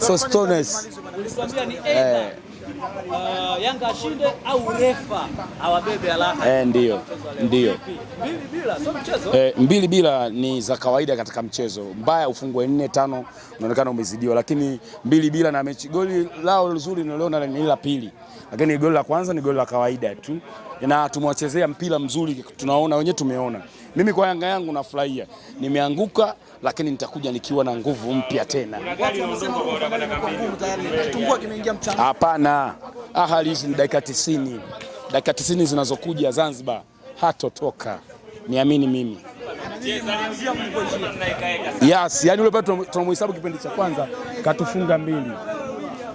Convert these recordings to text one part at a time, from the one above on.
Sostones eh. uh, Yanga ashinde au refa awabebe alama. Eh, ndio. Ndio. Eh, mbili bila ni za kawaida katika mchezo mbaya, ufungwe nne tano, unaonekana umezidiwa, lakini mbili bila na mechi goli lao nzuri niliona ni la pili, lakini goli la kwanza ni goli la kawaida tu na tumewachezea mpira mzuri, tunaona wenyewe tumeona. Mimi kwa Yanga yangu nafurahia, nimeanguka lakini nitakuja nikiwa na nguvu mpya tena. Hapana, ahali hizi ni dakika 90, dakika 90 zinazokuja Zanzibar hatotoka, niamini mimi. Yes, yani ule pale tunamhesabu kipindi cha kwanza katufunga mbili,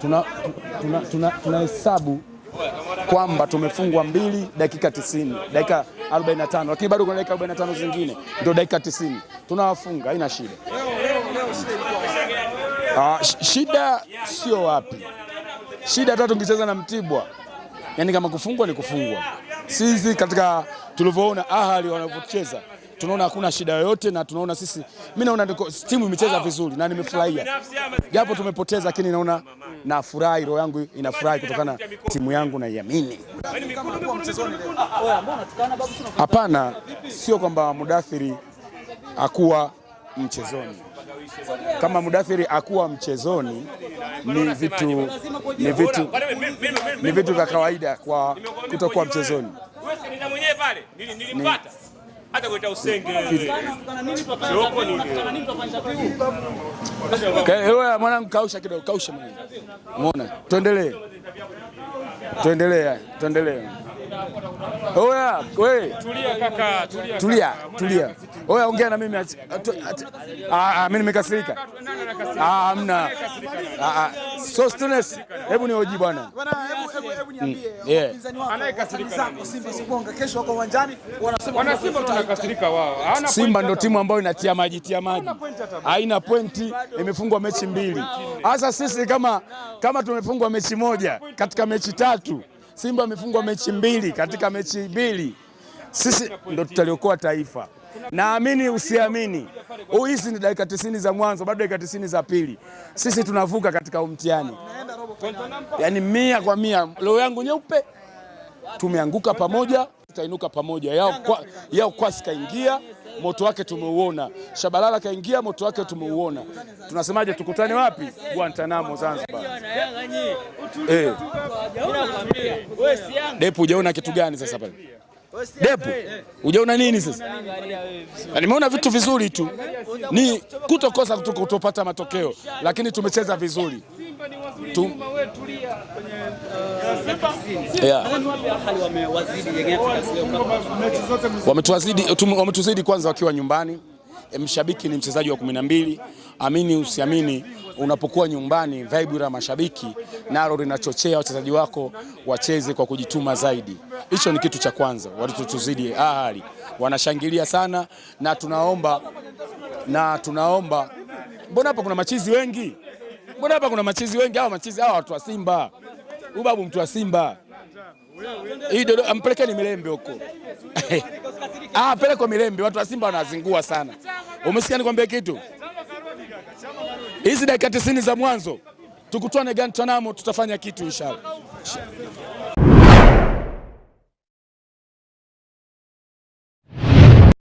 tunahesabu tuna, tuna, tuna, tuna kwamba tumefungwa mbili dakika 90 dakika 45, lakini bado kuna dakika 45 zingine, ndio dakika 90. Tunawafunga, haina shida. Ah, shida sio wapi, shida hata tungecheza na Mtibwa, yaani kama kufungwa ni kufungwa. Sisi katika tulivyoona Ahali wanavyocheza tunaona hakuna shida yoyote, na tunaona sisi, mimi naona timu imecheza vizuri na nimefurahia, japo tumepoteza, lakini naona na furahi, roho yangu inafurahi kutokana timu yangu naiamini. Hapana, sio kwamba Mudathiri akuwa mchezoni. Kama Mudathiri akuwa mchezoni, ni vitu ni vitu ni vitu vya kawaida kwa kutokuwa mchezoni hata kuita usenge yoko nini eh, wewe, mwanangu, kausha kidogo, kausha mwanangu, umeona. Tuendelee, tuendelee, eh, tuendelee. Oya, we tulia kaka, tulia, tulia. Wewe ongea na mimi. Ah, ah, mimi nimekasirika. Ah, hamna. Ah, ah so students, hebu nioji bwana. Bwana, hebu hebu hebu hmm. niambie. Anayekasirika ni Simba Sibonga. Kesho wako uwanjani wanasema wana Simba tunakasirika wao. Hawana Simba ndio timu ambayo inatia maji tia maji. Haina pointi, imefungwa mechi mbili. Sasa sisi kama kama tumefungwa mechi moja katika mechi tatu. Simba amefungwa mechi mbili katika mechi mbili sisi ndo tutaliokoa taifa. Naamini usiamini, oh, hizi ni dakika tisini za mwanzo, bado dakika tisini za pili, sisi tunavuka katika umtihani, yaani mia kwa mia. Leo yangu nyeupe, tumeanguka pamoja, tutainuka pamoja. Yao, kwa, yao kwasi kaingia moto wake tumeuona, Shabalala kaingia moto wake tumeuona. Tunasemaje? tukutane wapi? Guantanamo, Zanzibar. Eh, depu, ujaona kitu gani sasa pale? Depu ujaona nini sasa? Nimeona vitu vizuri tu, ni kutokosa kutopata matokeo, lakini tumecheza vizuri tu... yeah. Wametuzidi kwanza wakiwa nyumbani Eh, mshabiki ni mchezaji wa kumi na mbili. Amini usiamini, unapokuwa nyumbani, vibe ya mashabiki nalo linachochea wachezaji wako wacheze kwa kujituma zaidi. Hicho ni kitu cha kwanza, walitutuzidi ahali, wanashangilia sana na tunaomba na tunaomba. Mbona hapa kuna machizi wengi? Mbona hapa kuna machizi wengi? Hawa machizi hawa watu wa Simba, huyu babu mtu wa Simba, hii mpelekeni Milembe huko Ah, pele kwa watu wa Simba wanazingua sana. Umesikia nikwambie kitu? Hizi dakika 90 za mwanzo tukutane tanamo, tutafanya kitu inshallah.